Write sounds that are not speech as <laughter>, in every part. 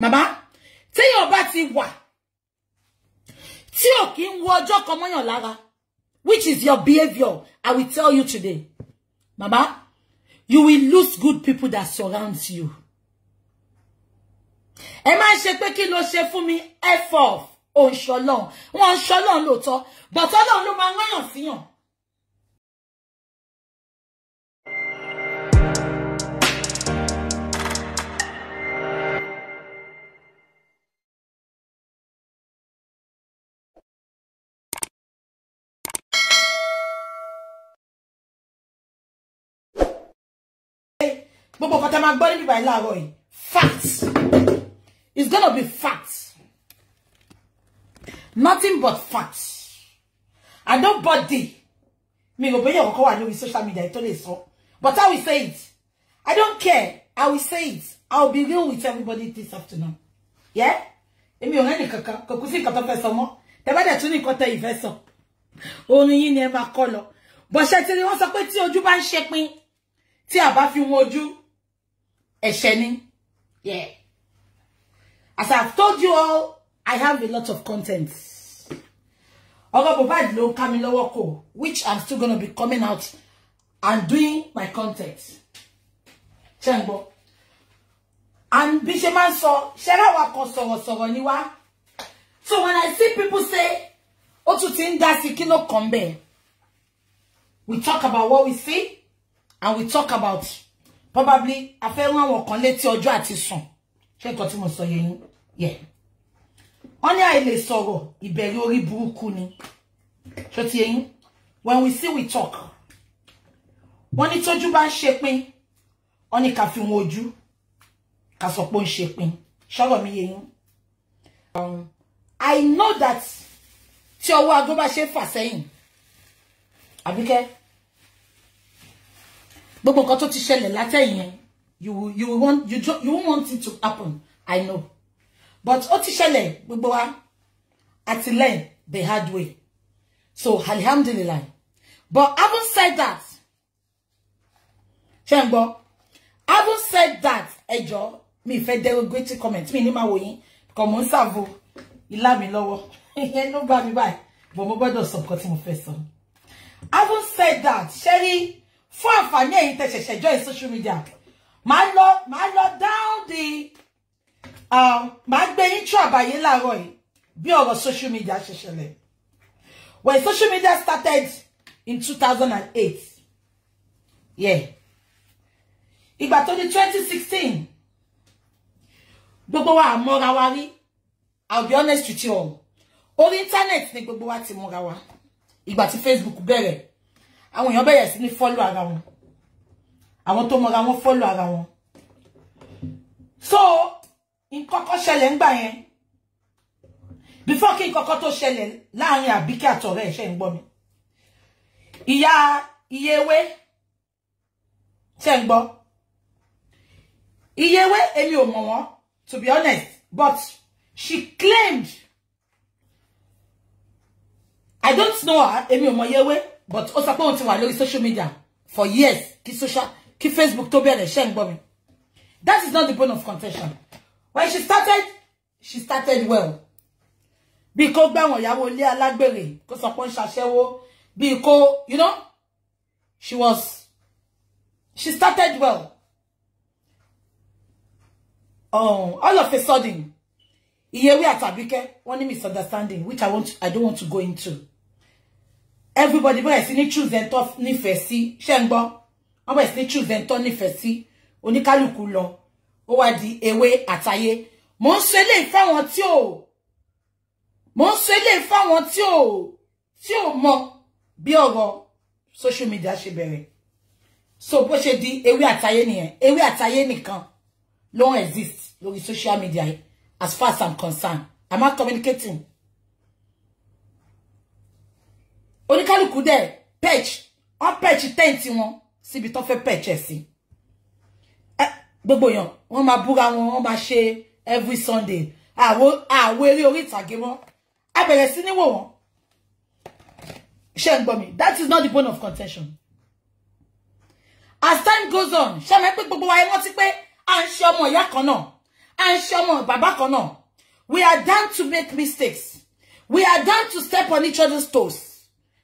Màmá, tell bá ti wà tí ò kí ń wo ọjọ́ kan mọ́yàn lára which is your behaviour I will tell you today. Màmá, you will lose good people that surrounds you. Ẹ máa ń ṣe pé kí ló ṣe fún mi? F off, òǹṣọ́lọ́n, wọ́n ń ṣọ́lọ́n lóòótọ́, bọ̀tọ́lọ́n ló máa ń wáyàn síyàn. But but tá máa gbọ́ níbi báyìí by yìí facts it's gonna be facts nothing but facts and nobody mi ò bẹ́yẹ̀ kọ́kọ́ wà lórí social media tó lè sọ but I will say it I don't care I will say it I will be real with everybody this afternoon yeah èmi ò ni kaka. kò kú sí nǹkan tó fẹ́ sọ tún ní nǹkan tẹ ìfẹ́ sọ orin yín ni ẹ máa But orin lọ bọ̀ṣẹ́ tí wọ́n sọ pé tí ojú bá ń ṣe pin tí a bá fi wọn ojú a ni yeah as I've told you all I have a lot of content ọgọ bùbá ìdílé ń ká mi lọ́wọ́ kò which I'm still gonna be coming out and doing my content ṣe ń and bí ṣe máa ń sọ ṣẹ́rẹ́ wa kan so when I see people say ó tún ti ń we talk about what we see and we talk about. probably a fẹ́ rán àwọn kan létí ọjọ́ àti sùn ṣé nǹkan tí mo sọ yẹn Yeah. Oni wọ́n ní àìlè sọ̀rọ̀ ìbẹ̀rẹ̀ orí ni ṣé ti yẹn when we see we talk wọ́n ní tójú bá ń oni pín wọ́n ní ká fi wọn ojú ká sọ pé ó ń ṣe mi yẹn um, I know that tí ọwọ́ agbó bá ṣe fà sẹ́yìn Abike. you you want you you won't want it to happen i know but ó ti ṣẹlẹ̀ gbogbo wa àti learn the hard way so alhamdulillah but having said that ṣe I will having said that ẹ jọ̀ọ́ mi fẹ́ to comment mi ní ma wò yín Come on, ń ṣàvo ìlà mi lọ́wọ́ ìyẹn ló bá mi báyìí but mo gbọ́dọ̀ sọ nǹkan tí mo fẹ́ sọ having said that Sherry fún àǹfààní ẹ̀yin tẹ́ ṣẹ̀ṣẹ̀ join social media màá lọ màá lọ down the um, màá gbé yín tú àbàyè láàárọ̀ yìí bí ọ̀rọ̀ social media ṣe ṣẹlẹ̀ when social media started in two thousand and eight yeah ìgbà tó di twenty sixteen gbogbo wa àmọ́ra wa rí I'll be honest with you all orí internet ni gbogbo wa ti mọ́ra wa ìgbà tí Facebook bẹ̀rẹ̀ àwọn èèyàn bẹ̀rẹ̀ sí ní follow ara wọn àwọn tó mọra wọn fọ́lù ara wọn so in kan ṣẹlẹ̀ ńgbà yẹn before kí nǹkan tó ṣẹlẹ̀ láàrin Àbíkẹ́ àtọ̀rẹ́ ẹ̀ ṣe ń gbọ́ mi ìyá Iyewé ṣe ń gbọ́ Iyewé èmi ò mọ̀ wọ́n to be honest but she claimed I don't know her èmi ò mọ̀ but also sọ to my social media for years kí social kí Facebook tó be the ń gbọ́ mi that is not the point of contention when she started she started well Because kò gbẹ̀wọ̀n ìyàwó ilé alágbèrè kó sọ pé ń ṣaṣẹ́wó because you know she was she started well Oh, all of a sudden we àtàbíkẹ́ wọ́n ní misunderstanding which I, want, I don't want to go into everybody I see ní choose ẹni tó nífẹ̀ẹ́ sí ṣé ń gbọ́ wọ́n ní choose ẹni tó nífẹ̀ẹ́ sí oníkálukú lọ ó wá di ewé àtayé mò ń sọ eléyìí fáwọn tí ò mò ń ò mọ bí social media ṣe bẹ̀rẹ̀ so po she di ewé àtayé nìyẹn ewé àtayé nìkan Long ń exist lórí social media as far as I'm concerned i am not communicating oníkálukú dẹ̀ pẹ̀ch wọ́n pẹ̀ch tẹ́ǹtì wọn síbi tó fẹ́ pẹ̀ch ẹ̀ sí gbogbo èèyàn wọ́n máa búra wọn wọ́n every Sunday àwo àwo eré orí ìtàgé wọn a bẹ̀rẹ̀ sí níwò wọn ṣe ń gbọ́ that is not the bone of contention as time goes on shen mẹ́ pé gbogbo wa ẹ rántí pé à ń ṣe kono. à ọmọ bàbá we are down to make mistakes we are down to step on each other's toes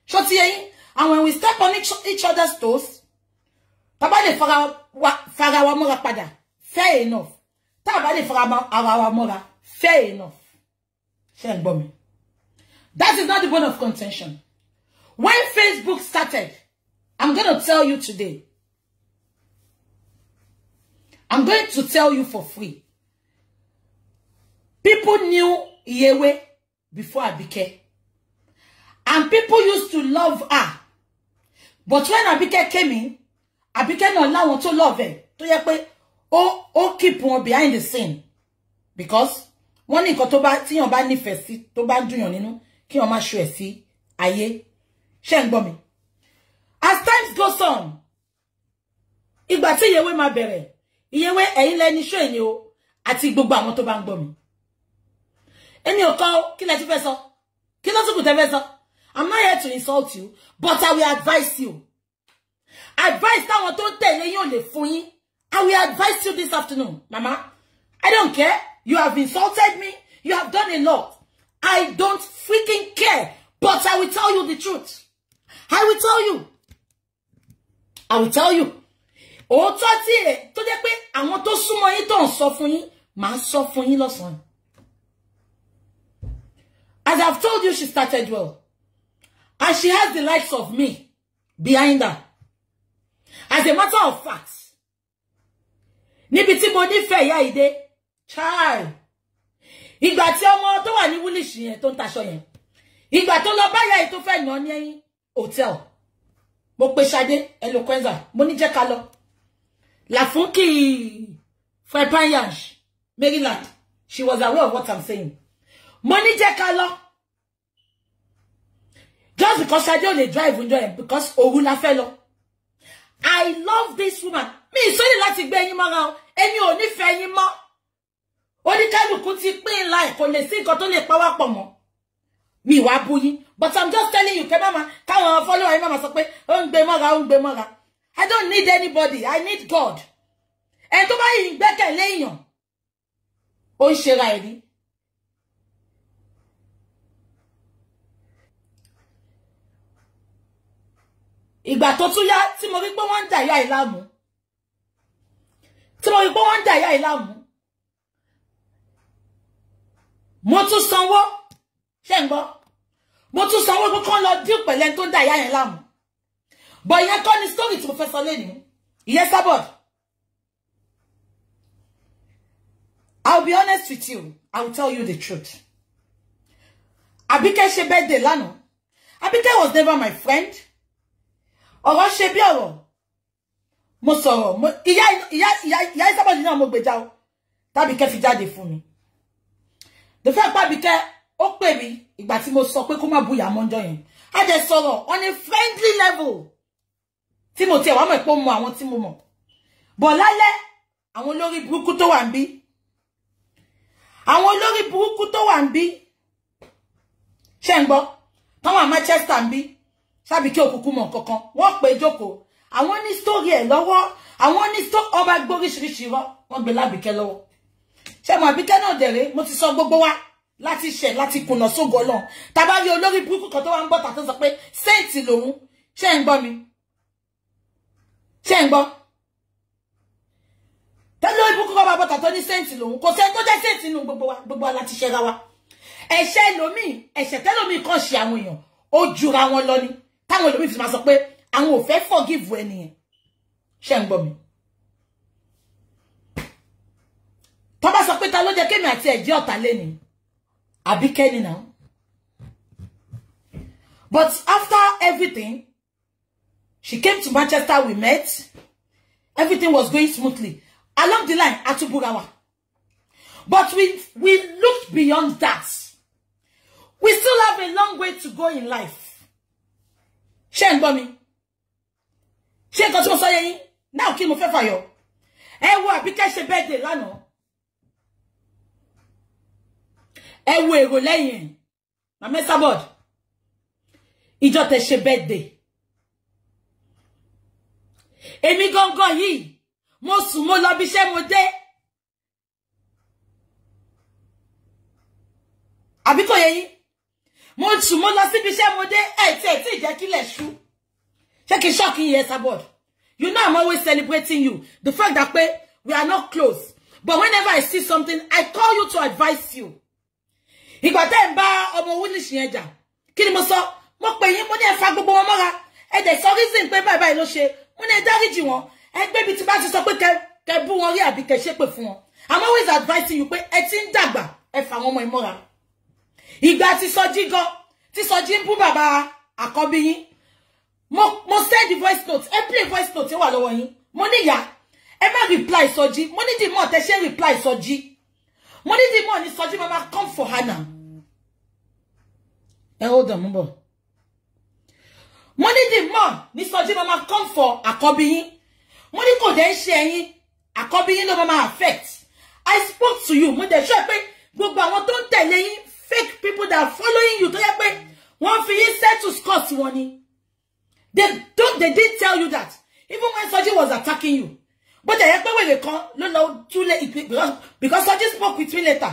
ṣó eh? and when we step on each, each other's toes taba de lè fara wa fara wa mọ́ra padà fair enough Taba de fara wa mọ́ra fair enough Fair ń that is not the bone of contention when Facebook started I'm going to tell you today I'm going to tell you for free people knew Iyewe before I became. And people used to love her. But when Abike came in, Abike náà láwọn to love her. tó yẹ pé oh ó keep wọn behind the scene because wọ́n ní nǹkan tó bá tíyàn bá nífẹ̀ẹ́ sí tó to dùnyàn nínú kíyàn má ki ẹ̀ ma ayé si ń sheng bomi. As times goes on, ìgbà yewe ma bere yewe e ẹ̀yin lẹni show ẹ̀yin o ati gbogbo àwọn tó bá ń gbọ́ mi. Èmi ò kọ́ kí lẹ ti ki sọ kí lọ́sùkù tẹ fẹ́ sọ. I'm not here to insult you, but I will advise you. Advise that one don't tell ò lè fún I will advise you this afternoon, Mama. I don't care. You have insulted me. You have done a lot. I don't freaking care. But I will tell you the truth. I will tell you. I will tell you. Oh, ti ẹ̀ tó jẹ́ pé àwọn yín tó ń sọ fún yín As I've told you, she started well. And she has the likes of me behind her. As a matter of fact, Nibiti tí mo ìdè child he got your tó and he will yẹn tó ń taṣọ yẹn ìgbà tó lọ báyà yìí tó find yàn ní hotel. hòtẹ́ẹ̀lì mo pe Ṣadé eloquenza money ní La funky lọ Làfúnkì Maryland she was aware of what I'm saying Money ní just because I don't drive with you, because Ogula fellow. I love this woman. Me, so you like to be any more now. Any only fair any more. Only time you could see me in life for the sake of the power come on. Me, what boy? But I'm just telling you, Kemama, come on, follow my mama. So, be I don't need anybody. I need God. And to my in back and lay on. Oh, she it. ìgbà tó tún yá tí mo rí pé wọ́n ń dà ìyá ìlàmú tí mo rí pé wọ́n ń dà ìyá ìlàmú mo tún sanwó ṣe ń gbọ́ mo tún sanwó pé kán lọ dín pẹ̀lẹ́ tó ń dà ìyá yẹn láàmú bọ̀ ìyẹn kọ́ ni story tí mo fẹ́ sọ lẹ́nu ìyẹn sábọ̀d I'll be honest with you I will tell you the truth Abike ṣe birthday lánàá Abike was never my friend ọ̀rọ̀ ṣe bí ọ̀rọ̀ mo sọ̀rọ̀ ìyá ìyá ìyá ìyá ìsábọ̀dì náà mo gbèjà o tábìkẹ́ fi jáde fún mi the fact tábìkẹ́ ó pè mí ìgbà tí mo sọ pé kó má bu ìyá mọ́jọ́ yẹn a jẹ sọ̀rọ̀ on a friendly level tí mo tiẹ̀ wá mọ̀ pé ó mọ àwọn tí mo mọ̀ bọ̀ lálẹ́ àwọn olórí burúkú tó wà ń bí àwọn olórí burúkú tó wà ń bí ṣe ń gbọ́ táwọn àmọ́ Chester ń bí ṣáàbì kí òkùnkùn mọ̀ kankan wọ́n pè é jókòó àwọn ní sítórì ẹ̀ lọ́wọ́ àwọn ní sító ọba gbóríṣiríṣi rọ wọ́n gbé lábìkẹ́ lọ́wọ́ ṣé mo àbíkẹ́ náà dẹ̀rẹ́ mo ti sọ gbogbo wa láti ṣẹ̀ láti kùnà sógo ọlọ́run tàbá rí olórí burúkú kan tó wá ń bọ̀ tàtó sọ pé sẹ́ǹtì lòun ṣé ń gbọ́ mi ṣé ń gbọ́ tẹ́lẹ̀ olórí burúkú kan bá bọ̀ tàtó ní sẹ́ǹtì lòun kò sẹ́ni tó jẹ́ sẹ́ǹtì nù gbogbo wa gbogbo wa láti ṣẹ́ra wa ẹ̀ṣẹ̀ lòmíì ẹ̀ṣẹ̀ tẹ́lòmíì kan ṣe àwọn èèyàn ó jura wọn lọ ni táwọn am fi to sọ pé àwọn ò fẹ́ forgive ẹni yẹn ṣé ń gbọ́ mi. tó bá sọ pé ta ló jẹ́ kémi àti ẹ̀jẹ̀ ọ̀tá lẹ́ni àbí kẹ́ni but after everything she came to Manchester we met everything was going smoothly along the line atuburawa but we we looked beyond that we still have a long way to go in life ṣé ń gbọ́ mi ṣé nǹkan tí mo sọ yẹ yín náà kí mo fẹ́ fàyọ ẹ wo Àbíkẹ́ ṣe birthday lánàá ẹ wo èrò lẹ́yìn ẹ̀ màmá Esabod ìjọ tẹ ṣe birthday èmi gangan yìí mo sùn mo lọ bí iṣẹ́ mo dé. àbí kò yẹ yín mo sùn mo lọ síbi iṣẹ́ mo dé ẹ̀ tí ẹ̀ tí ìjẹ́ kílẹ̀ ṣú ṣé kí ṣọ́ọ̀kì yẹn sabord you know i'm always celebrating you the fact that pé we are not close but whenever i see something i call you to advise you ìgbà tẹ́ ń bá ọmọ Wunish yẹn jà kí mo sọ mo pè yín mo ní ẹ fa gbogbo wọn mọ́ra ẹ dẹ̀ sọ reason pé báyìí báyìí ló ṣe mo ní ẹ dáríjì wọn ẹ gbé ibi tí bá ti sọ pé kẹ bú wọn rí àbí kẹ ṣépè fún wọn i'm always advising you pé ẹ ti ń dàgbà ẹ fà wọn ọmọ ẹ ìgbà tí Sọjí go. tí Sọjí ń bàbá àkọ́bí yín mo mo send voice note ẹ play voice note ẹ walo woyin. Money ya. ní ẹ má reply Sọjí mo di mo. tẹ she reply Sọjí mo ní mo. ní Sọjí mama come for her now ẹ hold on mo di mo ní dìímọ̀ Sọjí mama come for àkọ́bí yín mo ní kò dẹ́ she ṣe àkọ́bí yín ló mama affect I spoke to you mo dẹ̀ ṣọ́ pé gbogbo àwọn tó ń tẹ̀lé yín fake people that are following you tó yẹ pé wọ́n fi yín settle scores wọn ni they don't they didn't tell you that even when Saji was attacking you but they have ẹ̀yẹ́ they come. No no too late because because Saji spoke with me later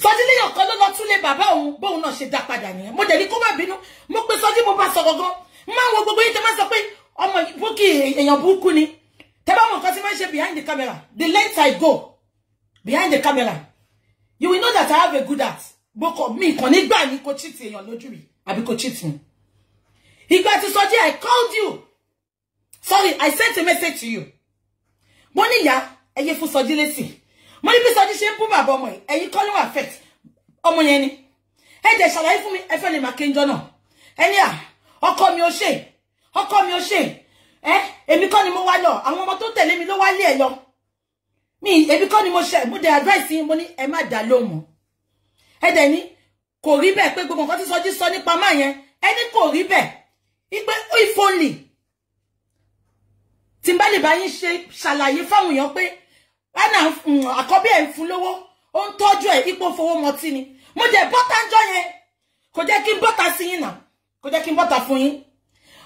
Soji léyàn kan ló lọ túlé bàbá òun bóun náà ṣe dá padà nìyẹn mo dẹ̀ ní kó má bínú mo pe Soji mo bá sọ gangan máa my gbogbo yín tẹ́ máa sọ pé ọmọ ìbúkì èèyàn burúkú mọ̀ nǹkan tí wọ́n behind the camera the length I go behind the camera I have a good heart mo kọ mi kàn nígbà ní kò cheat èèyàn lójú mi àbí kò cheat He got to Sọjí I called you sorry I sent a message to you Money, ni ẹ jẹ́ ṣàlàyé fún mi ẹ fẹ́ lè máa kéńjọ náà ẹni à ọkọ mi ò ṣe ọkọ mi ò ṣe ẹ èmi kọ́ ni mo wá lọ àwọn ọmọ tó tẹ̀lé mi ló wá lé ẹ lọ mi èmi kọ́ ni mo ṣe mo dẹ̀ advice yín mo ní ẹ má dá ẹ dẹ̀ ní kò rí bẹ́ẹ̀ pé gbogbo nǹkan tí Sọjí sọ nípa máa yẹn ẹni kò rí bẹ́ẹ̀ ipe ìfọ̀nì tí n bá lè bá yín ṣe ṣàlàyé fáwọn èèyàn pé ẹnà àkọ́bí ẹ̀ ń fún lówó ó ń tọ́jú ẹ̀ ipò fowó mọtí ni mo jẹ́ bọ́tà ń jọ yẹn kò jẹ́ kí n bọ́tà sí yín náà kò jẹ́ kí n bọ́tà fún yín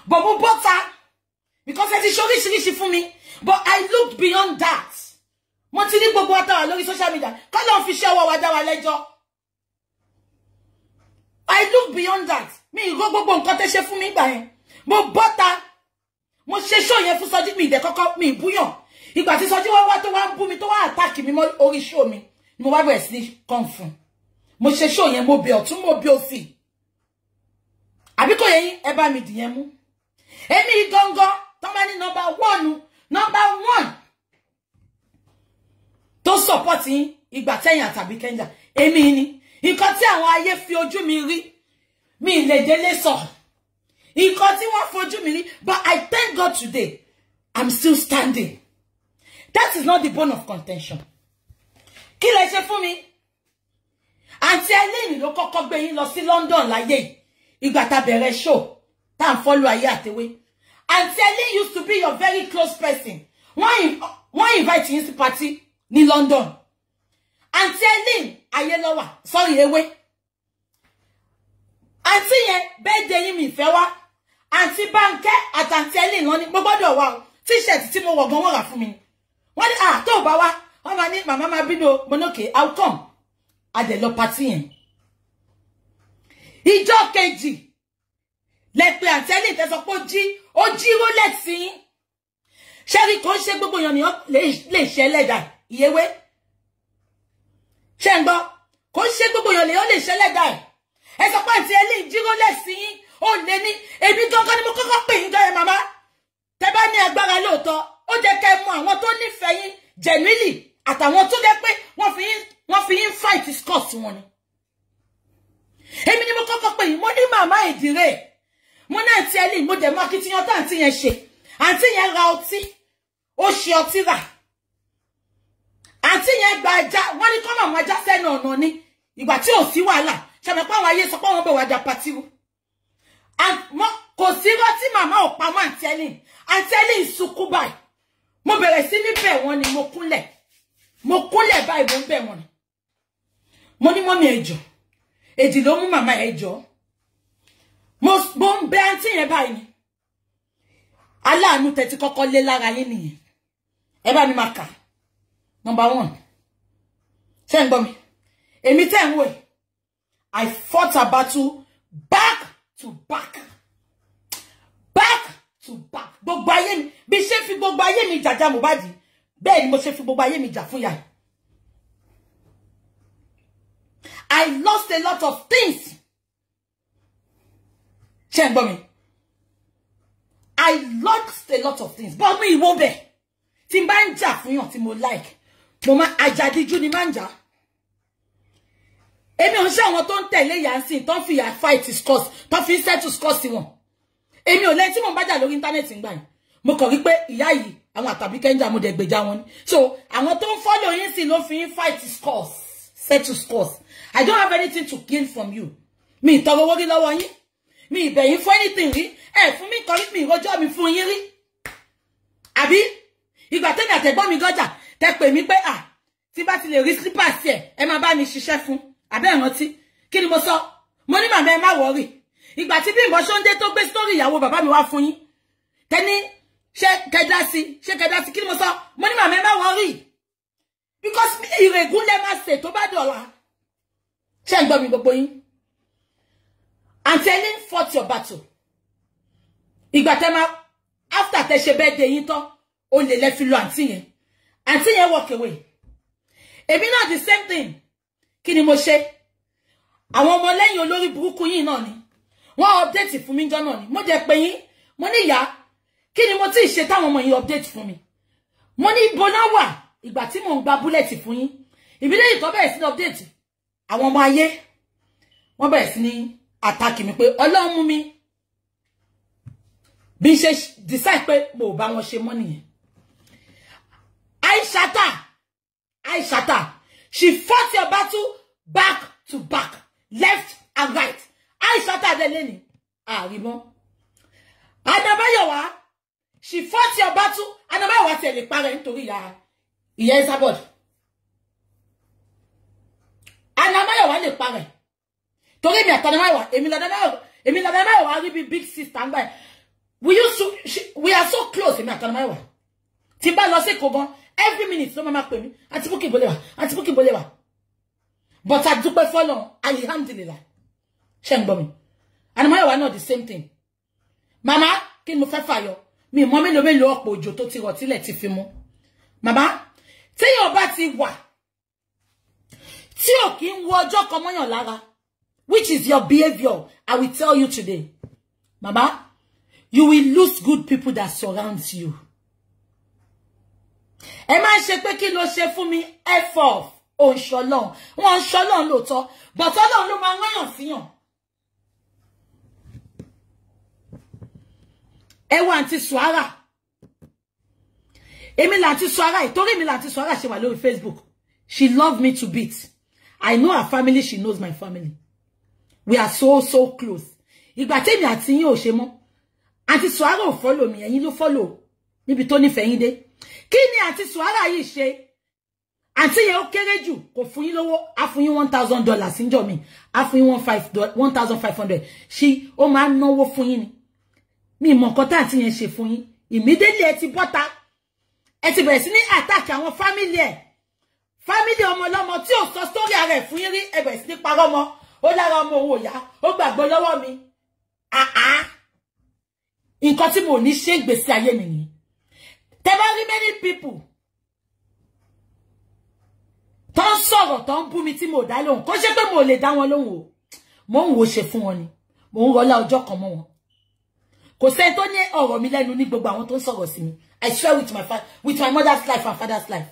but mo bọ́tà because ẹ ti ṣe oríṣiríṣi fún mi but I looked beyond that mo ti ní gbogbo ọtá wa lórí social media kọ́lọ́ fi ṣe ọwọ́ wa dá wa lẹ́jọ́. I look beyond that. Me ìró go go tẹ́ ṣe fún mi ìgbà yẹn. Mo bọ́ta. Mo ṣe ṣó yẹn fún Sọjí mi ìdẹ kọ́kọ́ mi ìbúyàn. Ìgbà tí Sọjí wá wá tó wá ń me to tó wá àtàkì mi mọ́ orí ṣó mi ni mo wá bẹ̀rẹ̀ come from. kàn fún. Mo ṣe ṣó yẹn mo bẹ ọ̀tún mo bẹ òsì. Àbí kò yẹ yín ẹ bá mi dìyẹn mú. Èmi gangan tán bá ní nọmba one nọmba one tó support yín ìgbà tẹ́yìn àtàbí kẹ́ńjà. Èmi ni. nǹkan tí àwọn ayé fi ojú mi rí mi lè délé sọ nǹkan tí wọ́n fojú mi rí but I thank God today I'm still standing that is not the bone of contention kí lẹ ṣe fún mi àǹtí ẹlẹ́yìn ló kọ́kọ́ gbé yín lọ sí London láyé got ìgbà tá bẹ̀rẹ̀ show tá à ń follow ayé àtẹwé àǹtí you used to be your very close person why invite you to party ní London. àǹtí elin ayélọ́wà sọ́rí ewé àǹtí yẹn bẹ́ẹ̀ de yín mi ìfẹ́ wá àǹtí báńkẹ́ àtàǹtí elin lọ́ni mo gbọ́dọ̀ wá o tíṣẹ̀tì tí mo wọ̀ gan wọ́n rà fún mi wọ́n ní à ah, tó bá wá wọ́n máa ní màmá máa bínú i'll come adẹ̀lọ patí yẹn ìjọ kejì lẹ́pẹ́ àǹtí elin tẹ́sọ pé ó jí ó jí rólẹ̀ sí ṣẹ́rí kò ń ṣe gbogbo èèyàn lè ṣe ẹlẹ́dàá ìyẹ́wé ṣe ń gbọ́ kò ń ṣe gbogbo yòlè ó lè ṣẹlẹ̀ dà ẹ̀ ẹ sọ pé àǹtí ẹlẹ́yìn jíró lẹ́sí yín ó lé ní èmi gangan ni mo kọ́kọ́ pè yín jọyọ̀ màmá tẹ bá ní agbára lóòótọ́ ó jẹ́ kẹ́ mọ àwọn tó nífẹ̀ẹ́ yín jẹ̀núìlì àtàwọn tó jẹ́ pé wọ́n fi yín fight scott wọn ni èmi ni mo kọ́kọ́ pè yín mo ní màmá ìdírè mo náà ti ẹlẹ́yìn mo dẹ̀ mọ́ akitiyan tó àǹtí yẹn ṣe àǹtí yẹn ra ọtí ó ṣe ọtí rà àǹtí yẹn gba ẹja wọ́n ní kọ́mọ̀ àwọn ẹja sẹ́nu ọ̀nà ni ìgbà tí ò sí wàhálà ṣẹ̀mẹ̀ pé àwọn ayé sọ pé wọ́n bẹ̀ wá jà pàtíwò kò sí rọ́ tí màmá ò pamọ́ àǹtí ẹlẹ́yìn àǹtí ẹlẹ́yìn sunkún báyìí mo bẹ̀rẹ̀ sí ní bẹ̀ wọ́n ni mo kúnlẹ̀ mo kúnlẹ̀ báyìí mo ń bẹ̀ wọ́n ni mo ní mọ́mí ẹ̀jọ̀ èjì ló mú màmá ẹ̀jọ̀ mo ń bẹ àǹtí yẹn báyìí ni aláàánú tẹ̀ ti kọ́kọ́ lé lára yín nìyẹn ẹ bá mi máa kà á. Number one. Ṣé ń gbọ́ mi. Èmi tẹ́ ń I fought a battle back to back. Back to back. Gbogbo ayé be safe. ṣe fi gbogbo jàjà Mohbad. Bẹ́ẹ̀ ni mo ṣe fi gbogbo ayé mi I lost a lot of things. Ten, Bomi. I lost a lot of things. But won't bẹ̀. Tí n bá ń jà fún yàn tí mo like. Mama, máa àjàdíjú ni máa ń èmi ò ń ṣe àwọn tó ń tẹ̀lé yansin tó ń fi ìyà fight scores tó fi ń settle scores wọn èmi ò lẹ́yìn tí mo ń bájà lórí internet ń gbà yìí mo kàn rí pé ìyá yìí àwọn àtàbí kẹ́ńjà mo dẹ̀ gbèjà wọn so àwọn tó ń follow yín sí ló fi ń fight Set to score. I don't have anything to gain from you mi ì tọrọ owó rí lọ́wọ́ yín mi ì bẹ̀yìn for anything rí ẹ̀ fún mi kọrí mi ìrọ́jọ́ mi fún yín rí àbí ìgbà tẹ́lẹ̀ àtẹ̀gbọ́n mi gọ́jà tẹ pè mí pé à tí bá ti lè rí slippers ẹ ẹ máa bá mi ṣiṣẹ́ fún abẹ́ ìrántí kí ni mo sọ mo ní màmá ẹ má wọ̀rì ìgbà tí Bímbọ́ Ṣóńdé tó gbé sítórì ìyàwó bàbá mi wá fún yín tẹni ṣe kẹdá sí ṣe kẹdá sí mo sọ mo ní màmá ẹ má wọ̀rì because ìrègùn lẹ máa ṣe tó bá dọ̀la ṣe ń gbọ́ mi gbogbo yín àǹtí ẹni fought your battle ìgbà tẹ máa after tẹ ṣe bẹ́ẹ̀ dé yín tán o lè lẹ fi lo àǹtí yẹn and see you walk away. Èmi not the same thing. Kini ni I want more than your olórí burúkú yìí náà ni. Wọ́n update fún mi me, náà ni. Mo jẹ́ pé yín, mo ní ìyá. Kí ni mo update for me. Money bonawa, ibo náà wà ìgbà tí mò ń gba búlẹ̀tì fún yín. Ìbílẹ̀ yìí tó bẹ̀rẹ̀ update. I want ayé wọ́n bẹ̀rẹ̀ sí ní attack mi pé Ọlọ́run mú mi. decide pé mo ò bá wọn Aishata, Aishata, she fought your battle back to back, left and right. Aishata Adeleni, ah, Rimon. Anabayowa, she fought your battle. Anabayowa tẹ̀lé parẹ́ nítorí ìyá ìyá Isabod. Anabayowa lè parẹ́. Torí mi àtànabayowa, èmi làdànabayowa, èmi I will be big sister ń by. We used to, she, we are so close, èmi àtànabayowa. Tí bá lọ sí Kogan, every minute ló máa máa pè mí àti bókì ìbólẹ́wà àti bókì ìbólẹ́wà but àdúpẹ́ fọ́lọ̀ alihamdulilah ṣe ń gbọ́ mi ànàmáyọ̀wá I folo alihamdulilah se n gbo mi anamayowa not the same thing màmá kí ni mo fẹ́ fàyọ mi mọ mélòó mélòó ọ̀pọ̀ òjò tó ti rọ̀ tílẹ̀ ti fi mú màmá téèyàn bá ti wà tí ò kí ń wo ọjọ́ kan mọ́yàn lára which is your behaviour I will tell you today màmá you will lose good people that surrounds you. ẹ má ṣe pé kí ló ṣe fún mi f off òǹṣọlọ́run wọn ń ṣọlọ́run lóòótọ́ bọ̀tọ́lọ́run ló máa ń rán síyàn. ẹ wá àǹtí suara èmi làǹtí suara ìtorí mi làǹtí suara ṣe wà lórí Facebook she loved me to beat I know her family she knows my family we are so so close ìgbà tèmi àti yín ò ṣe mọ́ àǹtí suara ò fọ́lò mi ẹ̀yin ló fọ́lò to tó nífẹ̀ẹ́ yín dé Kini àǹtí suara yìí ṣe àǹtí yẹn ó kéré jù kò fún yín lówó á fún yín one thousand dollars níjọ́ mi á fún yín one five she five hundred ṣí ó náwó fún yín ni mi mọ̀ nǹkan tá àǹtí yẹn ṣe fún yín immediately ẹ ti bọ́ta ẹ ti bẹ̀rẹ̀ sí ní attack àwọn family ẹ̀ family ọmọ ọlọ́mọ tí ò sọ story ara fún yín rí ẹ bẹ̀rẹ̀ sí ní parọ́ ọmọ ó lára ọmọ òun yá ó gbàgbọ́ lọ́wọ́ mi ah nǹkan tí mo ní ṣe ń gbèsè ayé mi nìyẹn. Te ba remedy people. Tó ń sọ̀rọ̀ tó ń bú mi tí mo dá lóhùn. Kò ṣe pé mo lè dá wọn lóhùn o. Mo ń wo ṣe fún wọn ni. Mo ń rola ọjọ́ kan mọ́ wọn. Kò sẹ́ni tó ní ọ̀rọ̀ mi lẹ́nu ní gbogbo àwọn tó sọ̀rọ̀ sí mi. I swear with my father, with my mother's life and father's life.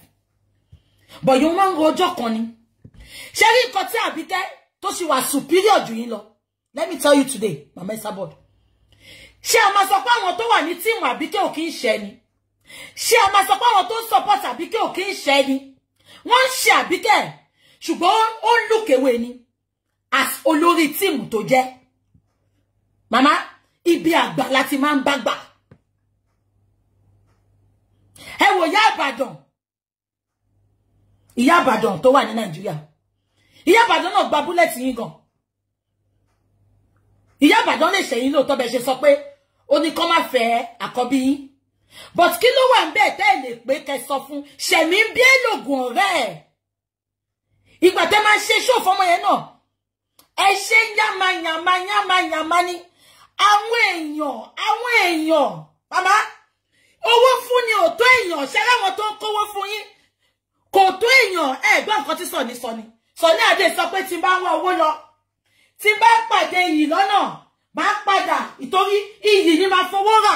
But you man ń ro ọjọ́ kan ni. Ṣé rí nǹkan tí Àbíkẹ́ tó ṣì wà superior jù yín lọ? Let me tell you today, my Esabod. board. She máa sọ pé àwọn tó wà ní tíìmù Àbíkẹ́ ò kí ń ṣẹ ni? ṣé ẹ máa sọ pé àwọn tó ń support àbíkẹ́ ò kí ṣe ni wọ́n ń ṣe àbíkẹ́ ṣùgbọ́n ó ń lùkèwé ni as olórí tíìmù tó jẹ́ màmá ibi àgbà láti máa ń bá gbà ẹ wò ìyá Ìbàdàn ìyá Ìbàdàn tó wà ní Nàìjíríà ìyá Ìbàdàn náà gba búlẹ̀tì yín gan ìyá Ìbàdàn lè ṣẹ̀yìn lóòótọ́ bẹ́ẹ̀ ṣe sọ pé ó kó má fẹ́ àkọ́bí yín but kí ló wà ń bẹ̀ tẹ́ ẹ̀ lè pé kẹ́ sọ fún ṣẹ̀mí ń bí èlògùn ọ̀rẹ́ ẹ̀ ìgbà tẹ́ máa ṣe ṣòfò ọmọ yẹn náà ẹ ṣe yàmàyàmàyàmàyàmà ni àwọn èèyàn àwọn èèyàn bàbá owó fún ni ò tó èèyàn ṣe láwọn tó ń kówó fún yín kò tó èèyàn ẹ gbọ́ nǹkan tí sọ̀ni sọ̀ni sọ̀ni àdé sọ pé tí bá ń owó lọ tí bá pàdé iyì lọ́nà bá padà ìtorí iyì ni máa fowó rà.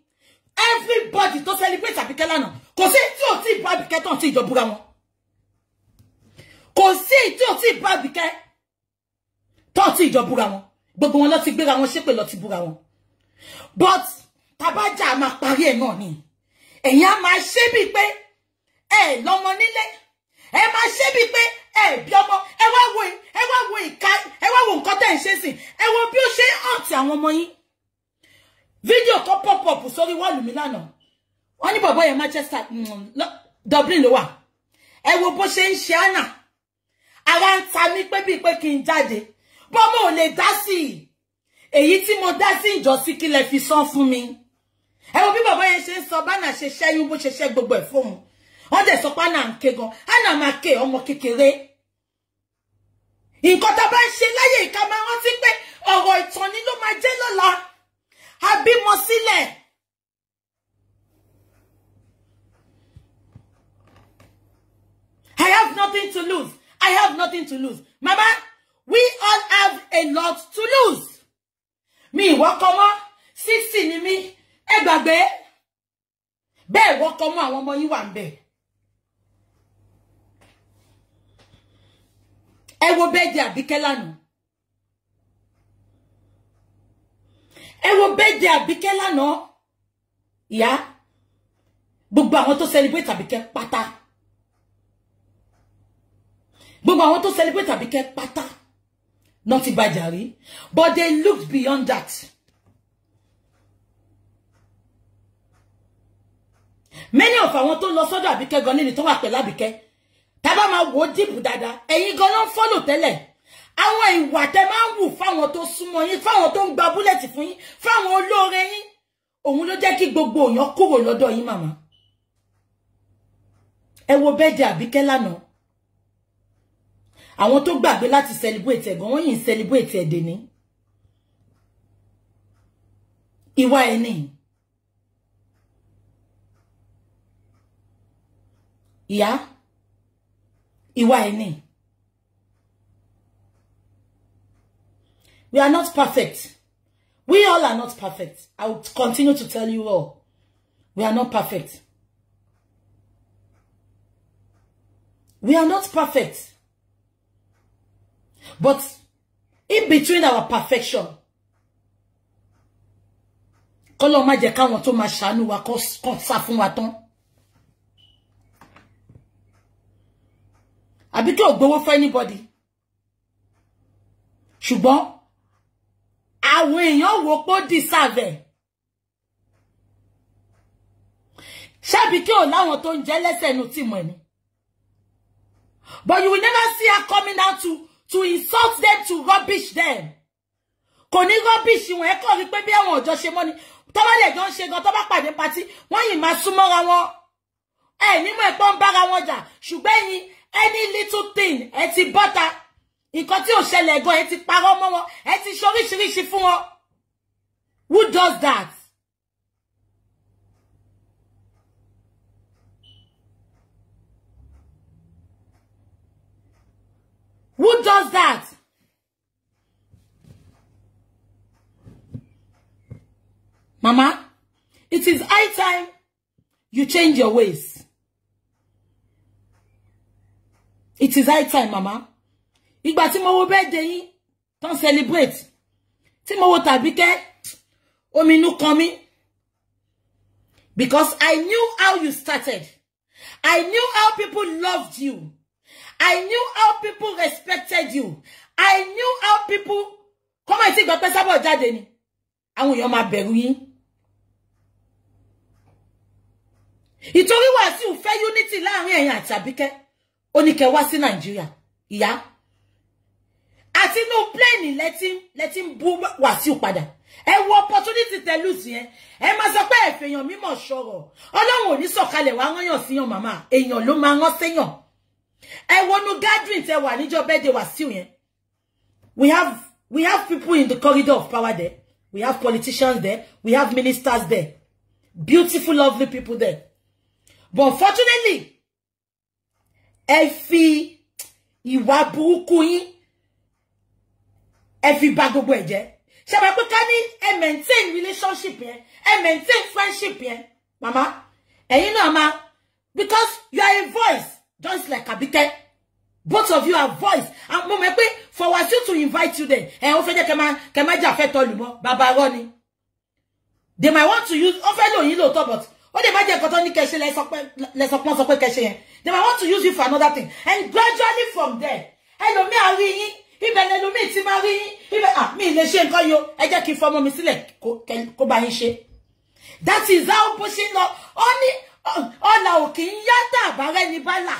everybody tó celebrate Àbíkẹ́ lánàá kò sí tí ò tí bá Àbíkẹ́ tán tí ìjọ búra wọn kò sí tí ò tí bá Àbíkẹ́ tán tí ìjọ búra wọn gbogbo wọn lọ ti gbéra wọn ṣépè lọ ti búra ti ijo bura won gbogbo won lo ti gbera won sepe lo but tabaja a máa parí ẹ̀ náà ni ẹ̀yin á máa ṣe bíi pé ẹ lọ́mọ nílé ẹ máa ṣe bíi pé ẹ bí ọmọ ẹ wá wo ẹ wá wo ìka ẹ wá wo nǹkan tẹ́ ń ṣe sìn ẹ wo bí ó ṣe hàn Video tó pọ̀pọ̀pù sórí wọ́ọ̀lù mi lánàá wọ́n ní bàbá in Manchester mm, Dublin ló wà ẹ wo bó ṣe ń ṣe àná ara ń ta mí pé bíi pé kí n jáde bọ́mọ̀ pe bii bomo le si i èyí tí mo dá sí ìjọsí kí lẹ fi san fún mi ẹ wo bí bàbá yẹn ṣe she share you ṣe she bó ṣe ṣẹ́ gbogbo ẹ̀ fóun wọ́n dẹ̀ sọ pé àná ń ké gan àná máa ké ọmọ kékeré nǹkan tá a bá ń ṣe láyé ìka máa a bímọ sílẹ̀. I have nothing to lose. I have nothing to lose. Mama, we all have a lot to lose. Me, ìwọ́kọ́ mọ́, sixty ni mí, ẹ babe. Bẹ́ẹ̀ ìwọ́kọ́ mọ́ àwọn ọmọ yín wà ń bẹ̀. Ẹ wo bẹ́ẹ̀ di Àbíkẹ́ lánàá. Ewo wo birthday Àbíkẹ́ no, ìyá gbogbo àwọn tó celebrate Àbíkẹ́ pátá gbogbo àwọn tó celebrate Àbíkẹ́ pátá Not ti bàjà but they looked beyond that. many of our tó lọ sọ́dọ̀ Àbíkẹ́ gan nínú tó wà pẹ̀lú Àbíkẹ́ tá a bá máa wò ó dìbò dáadáa ẹ̀yin gan ló ń tẹ́lẹ̀. àwọn ìwà tẹ máa ń wù fáwọn tó súnmọ́ yín fáwọn tó ń gba búlẹ̀tì fún yín fáwọn olóore yín òun ló jẹ́ kí gbogbo èèyàn kúrò lọ́dọ̀ yín màmá ẹ wo bẹ́ẹ̀dẹ̀ àbíkẹ́ lánàá àwọn tó gbàgbé láti celebrate ẹ̀ gan wọ́n yìí celebrate ẹ̀ dèní ìwà ẹ̀ nìyí. ìyá ìwà ẹni We are not perfect. We all are not perfect. I will continue to tell you all. We are not perfect. We are not perfect. But in between our perfection, kọ́lọ́ má jẹ́ káwọn tó máa ṣàánú anybody. àwọn èèyàn wò pé ó deserve ẹ̀ ṣebí kí o láwọn tó ń jẹ́ lẹ́sẹ̀ inú tìmọ̀ ẹ̀ ni but you will never see her coming out to to insult them to rubbish them kò ní rubbish wọn ẹ kọ́ rí pé bí àwọn òjò ṣe mọ́ ni tọ́wọ́ lè jọ ń ṣe gan tó bá pàdé patí wọ́n yìí máa súnmọ́ra wọn ẹ nímọ̀ ẹ̀pọ́ ń bára wọn jà ṣùgbọ́n ẹ̀yin any little thing ẹ ti bọ́ta ti parọ́ mọ́ wọn ẹ ti ṣe oríṣiríṣi wọn who does that who does that mama it is high time you change your ways it is high time mama ìgbà tí mo wo birthday yín tán celebrate tí mo wo Tàbíkẹ́ omi inú kan mi because I knew how you started I knew how people loved you I knew how people respected you I knew how people kọ́mọ̀ ìtì ìgbà pẹ́ sábọ̀ jáde ni àwọn èèyàn máa bẹ̀rù yín. ìtorí Wàsíù fẹ́ unity láàrin ẹ̀yin àti Àbíkẹ́ ó ní kẹ́ wá sí Nigeria. ìyá àti let him let him boom bú Wàsíù padà ẹ wo opportunity tẹ̀lú lose ẹ ẹ máa sọ pé ẹ̀fẹ̀yàn mímọ̀ sọ̀rọ̀ ọlọ́run ò ní sọ̀kalẹ̀ wá rányàn síyàn màmá èèyàn ló máa rán séyàn ẹ wọnú gathering tẹ wà níjọ bẹ́ẹ̀ de Wàsíù yẹn we have we have people in the corridor of power there we have politicians there we have ministers there beautiful lovely people there but unfortunately ẹ fi ìwà burúkú yín Every fi bà gbogbo ẹ̀ jẹ́ ṣe mọ̀ pé ká ní maintain relationship yẹn eh? ẹ maintain friendship yẹn eh? mama ẹ̀yin náà ma because you are a voice just like Abike both of you are voice and mo mọ̀ pé for to invite you there ẹ̀ eh, ó fẹ́ jẹ́ kẹ́má kẹ́má jà fẹ́ tọ́lù mọ́ bàbá rọ́ ni they might want to use ó fẹ́ lò yín lóòótọ́ but ó lè má jẹ́ nǹkan tó ní let's sọ pé kẹ́ṣe yẹn they might want to use you for another thing and gradually from there hello, me rí yín ibẹ̀ lẹnu mi ti máa rí ibẹ̀ à ah, mi lè ṣe nǹkan yo ẹ jẹ́ kí fọmọ mi sílẹ̀ kó bá yín ṣe that is how pushing up only ó ní ọ̀nà ò kì í yá tàbárẹ́ ní bálà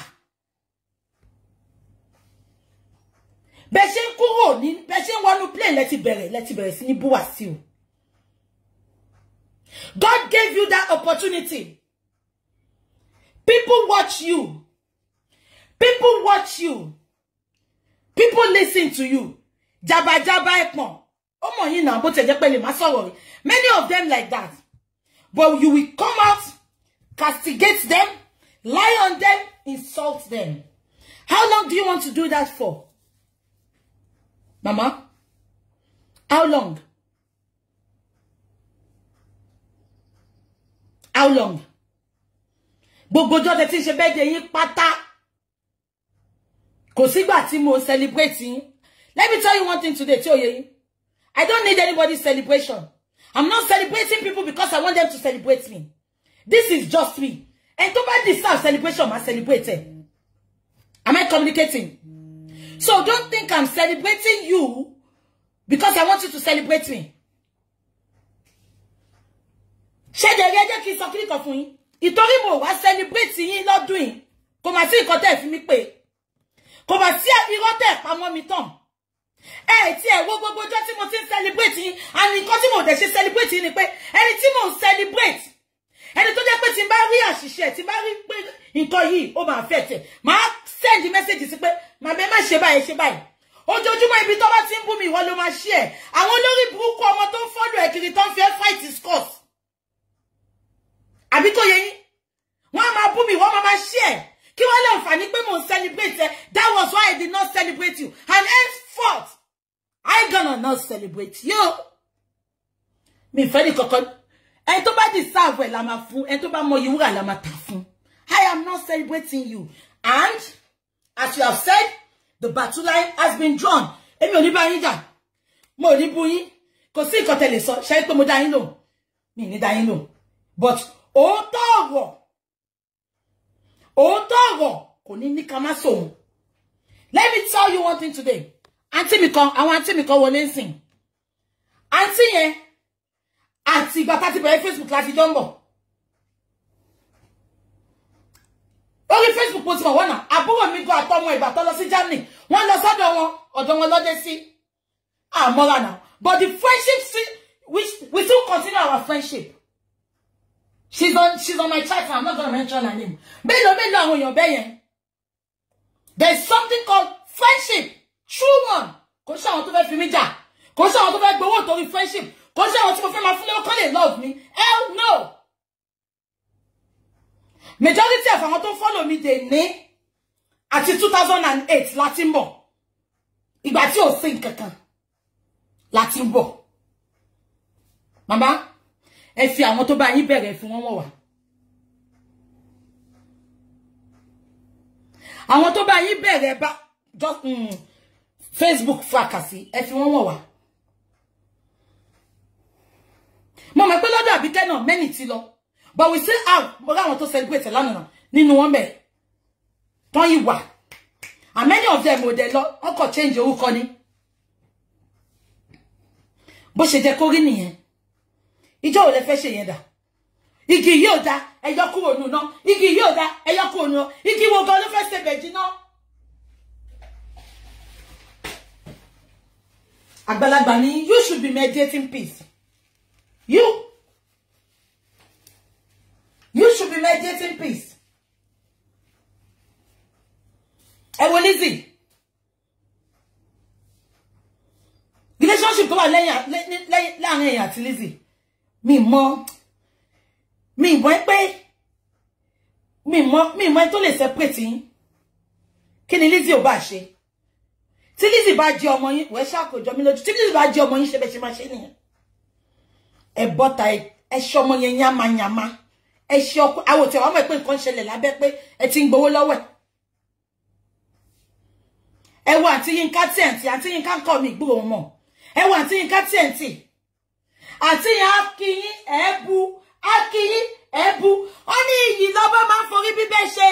bẹ ṣe kúrò ní bẹ ṣe ń wọnú plane lẹ ti bẹ̀rẹ̀ lẹ ti bẹ̀rẹ̀ sí ní búwà sí o God gave you that opportunity people watch you people watch you. People listen to you. Jaba jaba ekpon. Omo yin na bote je pele Many of them like that. But you will come out, castigate them, lie on them, insult them. How long do you want to do that for? Mama? How long? How long? Gbogbo ọjọ́ tẹ́ ti ṣe bẹ́ẹ̀ yín pátá kò sígbà tí mo celebrate let me tell you one thing today tí ó I don't need anybody's celebration I'm not celebrating people because I want them to celebrate me this is just me And tó bá deserve celebration I celebrate ẹ am I communicating so don't think I'm celebrating you because I want you to celebrate me. ṣé jẹ̀rí ẹ kí sọ kíríkan fún yín ìtorí mo wá celebrate yín lọ́dún yìí kò mà sí nǹkan ẹ̀ fi mí pè kò bá sí irọ́ tẹ̀ pamọ́ mi tán ẹ tí ẹ wo gbogbo ọjọ́ tí mo ti ń celebrate yín àmì nǹkan tí mo dẹ̀ ṣe celebrate yín ni pé ẹni tí mo ń celebrate ẹni tó jẹ́ pé tí n bá rí àṣìṣe tí n bá rí pé nǹkan yìí ó máa fẹ́ tẹ̀ máa send message sí pé màmá ẹ má ṣe báyìí ṣe báyìí ojoojúmọ́ ibi tó bá ti ń bú mi ìwọ ló máa ṣí ẹ̀ àwọn olórí burúkú ọmọ tó follow fọ́lù ẹ̀ kiri tó ń fight his cause àbí tó yẹ yín wọ́n á máa bú mi ìwọ máa máa ṣí kí lè àǹfààní pé mò celebrate that was why I did not celebrate you and henceforth I gonna not celebrate you. mi fẹ́ ní kankan ẹni tó bá deserve I am not celebrating you and as you have said the battle line has been drawn èmi oni bá yín jà mo ò ní bú yín kò sí nǹkan tẹ̀lé sọ ṣe pé mo dá yín lò mi ní dá yín lò but òótọ́ ọ̀rọ̀ òótọ́ ọ̀rọ̀ kò ní ní ká má let me tell you one thing today àǹtí mi kan àwọn àǹtí mi kan wọlé ń sìn àǹtí yẹn àti ìgbà tá ti bẹ̀rẹ̀ facebook láti jọ ń bọ̀ orí facebook post mọ̀ wọ́nà àbúrò mi gan àtọmọ ìgbà tó lọ sí germany wọ́n lọ sọ́dọ̀ wọn ọ̀dọ̀ wọn lọ́dẹ sí àmọ́ra náà but the friendship still we, we still continue our friendship She's on she's on my chat. I'm not gonna mention her name. bend on. àwọn èèyàn bẹ́ẹ̀ yẹn. There's something called friendship. True one. Kò ṣe àwọn tó fẹ́ fi mí jà. Kò be àwọn tó be friendship. Kò ṣe àwọn tí mo fẹ́ máa fún lówó kán lè love me. Hell no. Majority of them want tó follow me They ní àti 2008 Latin ń bọ̀. Ìgbà ò sí nǹkan Latin bọ̀. Màmá. ẹ fi àwọn tó bá yín bẹ̀rẹ̀ fún wọn wọ̀n wá àwọn tó bá yín bẹ̀rẹ̀ bá mm, Facebook fracasi ẹ fi wọn wọ̀n wá mo mọ̀ pé lọ́dọ̀ Àbíkẹ́ náà mẹ́ni ti lọ but we still have mo ráwọn tó celebrate lánàá nínú wọn bẹ̀ tán yìí wà and many of them ò dẹ̀ lọ ọkọ̀ change orúkọ ni bó ṣe jẹ́ kó rí nìyẹn ìjọ fẹ́ ṣe yẹn dà igi yìí ò da ẹyọ kúrò nù náà igi yìí ò da ẹyọ igi yii kuro nu igi wo gan ló fẹ́ ṣe bẹ̀jì àgbàlagbà ni you should be mediating peace you you should be mediating peace. ẹ wo Lizzy relationship tó wà lẹ́yìn láàrin èèyàn àti Lizzy. mi mọ mi mọ ẹ pé mi mọ mi mọ ẹ tó lè separate yín kí ni Lizzy ò bá lizi ba Lizzy bá jẹ we yín wẹ́ ṣàkójọ mi lójú tí Lizzy bá jẹ ọmọ yín ṣe bẹ́ẹ̀ ṣe máa ṣe nìyẹn ẹ bọ́ta ẹ ṣe ọmọ yẹn yánmayànmá ẹ ṣe ọkọ àwọn òtí ọmọ ẹ pé nǹkan ṣẹlẹ̀ lábẹ́ pé ẹ ti ń gbowó lọ́wọ́ ẹ̀ ẹ wo àti Yínká tẹ̀ǹtì àti Yínká ń kọ́ mi ìgbúrò wọn ẹ wo àti Yínká tẹ̀ǹtì àti yẹn akínyín ẹ̀ẹ́bù akínyín ẹ̀ẹ́bù ó ní iyì lọ́bọ́ máa ń forí bíbẹ́ ṣe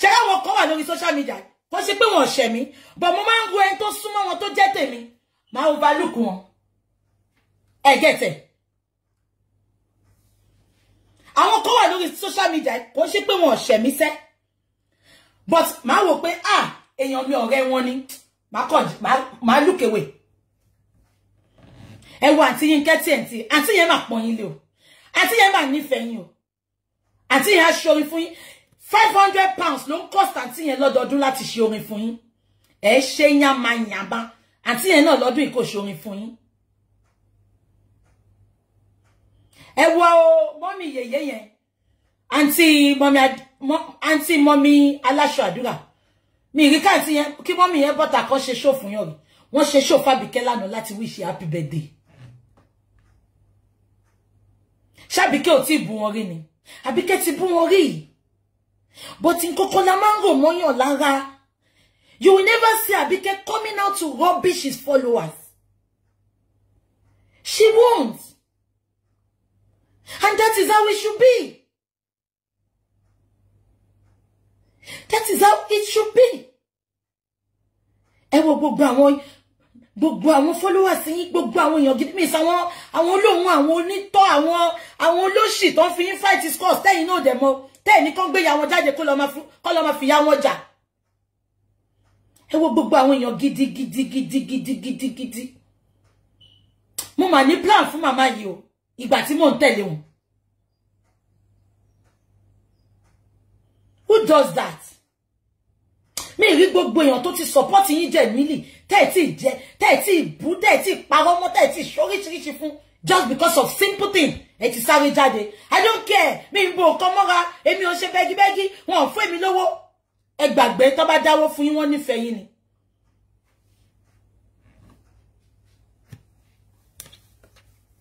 ṣe láwọn kan wà lórí social media kò ṣe pé wọn ṣẹ̀ mí bọ̀ mo máa ń wo ẹni tó súnmọ́ wọn tó jẹ́ tèmi máa ń balùkù wọn ẹ̀gẹ́tẹ̀ àwọn kan wà lórí social media kò ṣe pé wọn ṣẹ̀ mí sẹ́ but máa wò pé ah èèyàn mi ọ̀rẹ́ wọn ni máa kọ̀ máa lùkèwé ẹ wo àǹtí yín kẹ́tì ẹ̀ǹtì àǹtí yẹn máa pọ̀ yín lé o àǹtí yẹn máa nífẹ̀ẹ́ yín o àǹtí yẹn á ṣe orin fún yín five hundred pounds ló ń cost àǹtí yẹn lọ́dọọdún láti ṣe orin fún yín ẹ ṣe yánmayànba àǹtí yẹn náà lọ́dún yìí kò ṣe orin fún yín. ẹ wo mọ́mí yèyé yẹn àǹtí mọ́mí àǹtí mọ́mí aláṣọ àdúrà mi rí káàntì yẹn kí mọ́mí yẹn bọ́ta kan ṣe ṣó fún yàn rí wọ́n ṣe ṣó fàbíkẹ́ lánàá láti wíṣẹ́ happy birthday. ṣàbíkẹ́ ò tí ì bú wọn rí ni àbíkẹ́ ti bú wọn bu won but in la máa ń rò lára you will never see Abike coming out to rubbish his followers. She won't. And that is how it should be. That is how it should be. Ewo wo gbogbo gbogbo àwọn followers yín gbogbo àwọn èèyàn gidi mi sàwọn àwọn olóhùn àwọn onítọ́ àwọn àwọn olóṣì tó ń fi yín fight scores tẹ́yìn náà dẹ̀ mọ́ tẹ́yìn ní kán gbé ya wọn jáde kó lọ́ọ́ máa fi ya wọn jà ẹ wo gbogbo àwọn èèyàn gidi gidi gidi gidi gidi gidi mo mà ní plan fún màmá yìí o ìgbà tí mò ń tẹ̀lé wọn who does that mi rí gbogbo èèyàn tó ti support yín jẹ mílì tẹ́ ẹ̀ tí jẹ tẹ́ ẹ̀ tí bú tẹ́ ẹ̀ tí parọ́ mọ́ tẹ́ ẹ̀ tí ṣoríṣiríṣi fún just because of simple thing ẹ ti sáré jáde i don't care mi ń bo nǹkan mọ́ra èmi ò ṣe bẹ́gibẹ́gi wọn ò fún èmi lówó ẹ gbàgbé tó bá dáwó fún yín wọ́n nífẹ̀ẹ́ yín ni.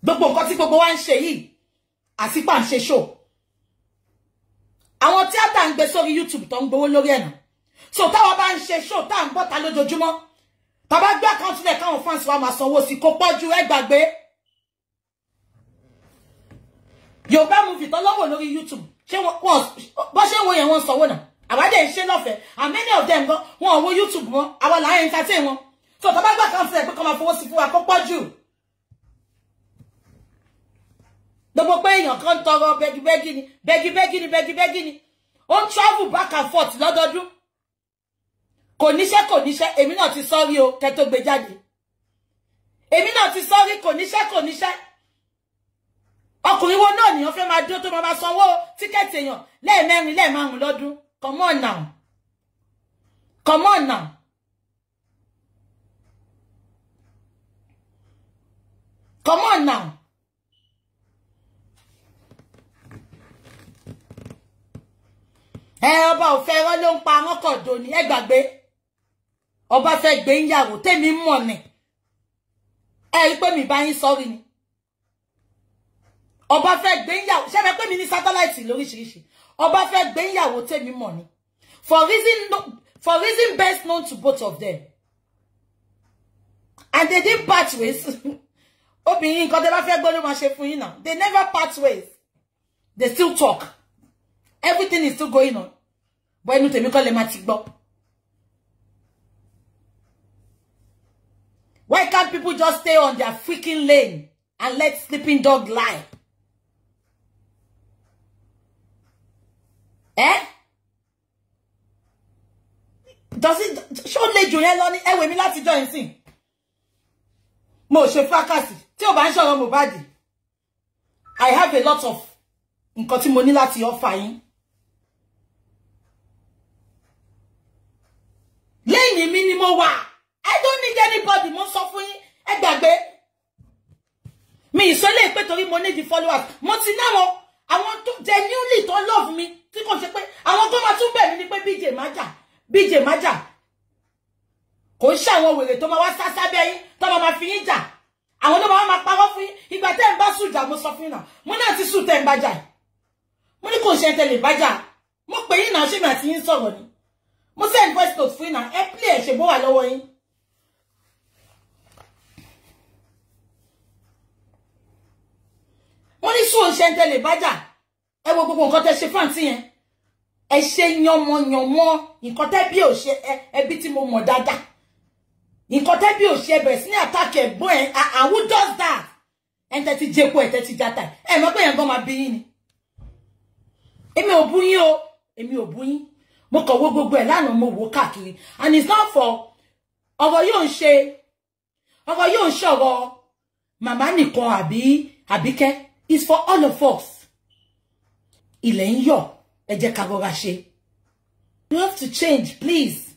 gbogbo nǹkan tí gbogbo wa ń ṣe yìí àsìpà ń ṣe ṣò àwọn tíátà ń gbé sórí YouTube tó ń gbowó lórí ẹ̀nà so táwa bá ń ṣe show tá à ń gbọ́ ta lójoojúmọ́ tàbá gbé àkáǹtì lẹ̀ káwọn fans wa máa sanwó sí kó pọ̀ ju ẹ gbàgbé yorùbá movie tọ́lọ́wọ̀ lórí youtube ṣé wọ́n bọ́ ṣé wọ́n yẹn wọ́n sanwó náà àwa dẹ̀ ń ṣe lọ́fẹ̀ẹ́ and many of them go wọn ò youtube wọn àwa là ń entertain wọn so tàbá gbé àkáǹtì lẹ̀ pé kọ́ máa fowó sí fún wa kó pọ̀ jù gbogbo pé èèyàn kan tọrọ bẹ́gibẹ́gi ni bẹ́gibẹ́gi ni bẹ́gibẹ́gi ni ó ń travel back and forth lọ́dọọdún kò níṣẹ́ èmi na ti sorry o kẹ́ tó èmi na ti sorry. kò níṣẹ́ kò níṣẹ́ ọkùnrin wo náà nìyàn fẹ́ máa dúró tó máa sanwó tíkẹ́ẹ̀tì èèyàn lẹ́ẹ̀mẹ́rin lẹ́ẹ̀márùn lọ́dún come on now come on now. Come on now. Eh ọba ò fẹ́ ẹ̀rọ ló ń wọ́n kọ̀ ní ẹ gbàgbé ọba fẹ́ gbé ń yàwó tèmi mọ̀ ni ẹ rí pé mi bá yín sọ́rí ni ọba fẹ́ gbé ń yàwó ṣẹ́fẹ́ pé mi ní sátáláìtì lóríṣiríṣi ọba fẹ́ gbé ń tèmi mọ̀ ni for reason for reason best known to both of them and they didn't part ways <laughs> obìnrin nǹkan tẹ́ bá fẹ́ gbọ́ ló máa ṣe fún yín náà they never part ways they still talk everything is still going on bọ́ inú tèmi kọ́ lè máa ti gbọ́. Why can't people just stay on their freaking lane and let sleeping dog lie? Eh? Does it show le jure lo Eh? We mi láti join sin? Mo ṣe fracasi tí ó bá ń badi. I have a lot of nǹkan money mo ní láti offer yín. Lẹ́yìn mi wà. I don't need anybody mo sọ fún yín ẹ gbàgbé mi ìsọlẹ̀ ìpè torí mo need followers mo ti náwọn àwọn tó genuinely tó love me. tí kò ṣe pé àwọn tó máa tún bẹ̀ mí ni pé bj maja bj maja kò ń ṣàwọn wèrè tó máa wá sá sábẹ́ yín tó máa máa fi yín jà àwọn tó máa máa parọ́ fún yín ìgbà tẹ́ ẹ̀ ń bá sùn jà mo sọ fún yín náà mo náà ti sùn tẹ́ ẹ̀ ń bá jà mo ní kò ṣe ẹ̀ tẹ̀lé bá jà mo pè yín náà ṣé mi àti yín sọ̀rọ̀ ni mo send voice note fún yín náà ẹ play ṣe bó wà lọ́wọ́ yín wọ́n ní sóò ń ṣe ń tẹ̀lé bájà ẹ wo gbogbo nǹkan tẹ ṣe fáǹtì yẹn ẹ ṣe yànmọyànmọ nǹkan tẹ bí ò ṣe ẹbí tí mo mọ̀ dáadáa nǹkan tẹ bí ò ṣe bẹ̀rẹ̀ sí ní àtàkì ẹ̀gbọ́n ẹ̀ who does that ẹ̀ ń tẹ́tí jẹ́kọ̀ ẹ̀ tẹ́tí jata ẹ̀ mọ̀ pé yẹn gan máa bí yín ni èmi ò bú yín o èmi ò bú yín mo kàn wo gbogbo ẹ̀ lánàá mo wò káàkiri and it's not for ọ̀rọ̀ yóò ń ṣe ọ̀rọ̀ yóò ń ṣọ̀rọ̀ màmá nìkan àbí àbíkẹ́ is for all of us. Ilẹ̀ ń yọ̀, ẹ jẹ́ You have to change, please.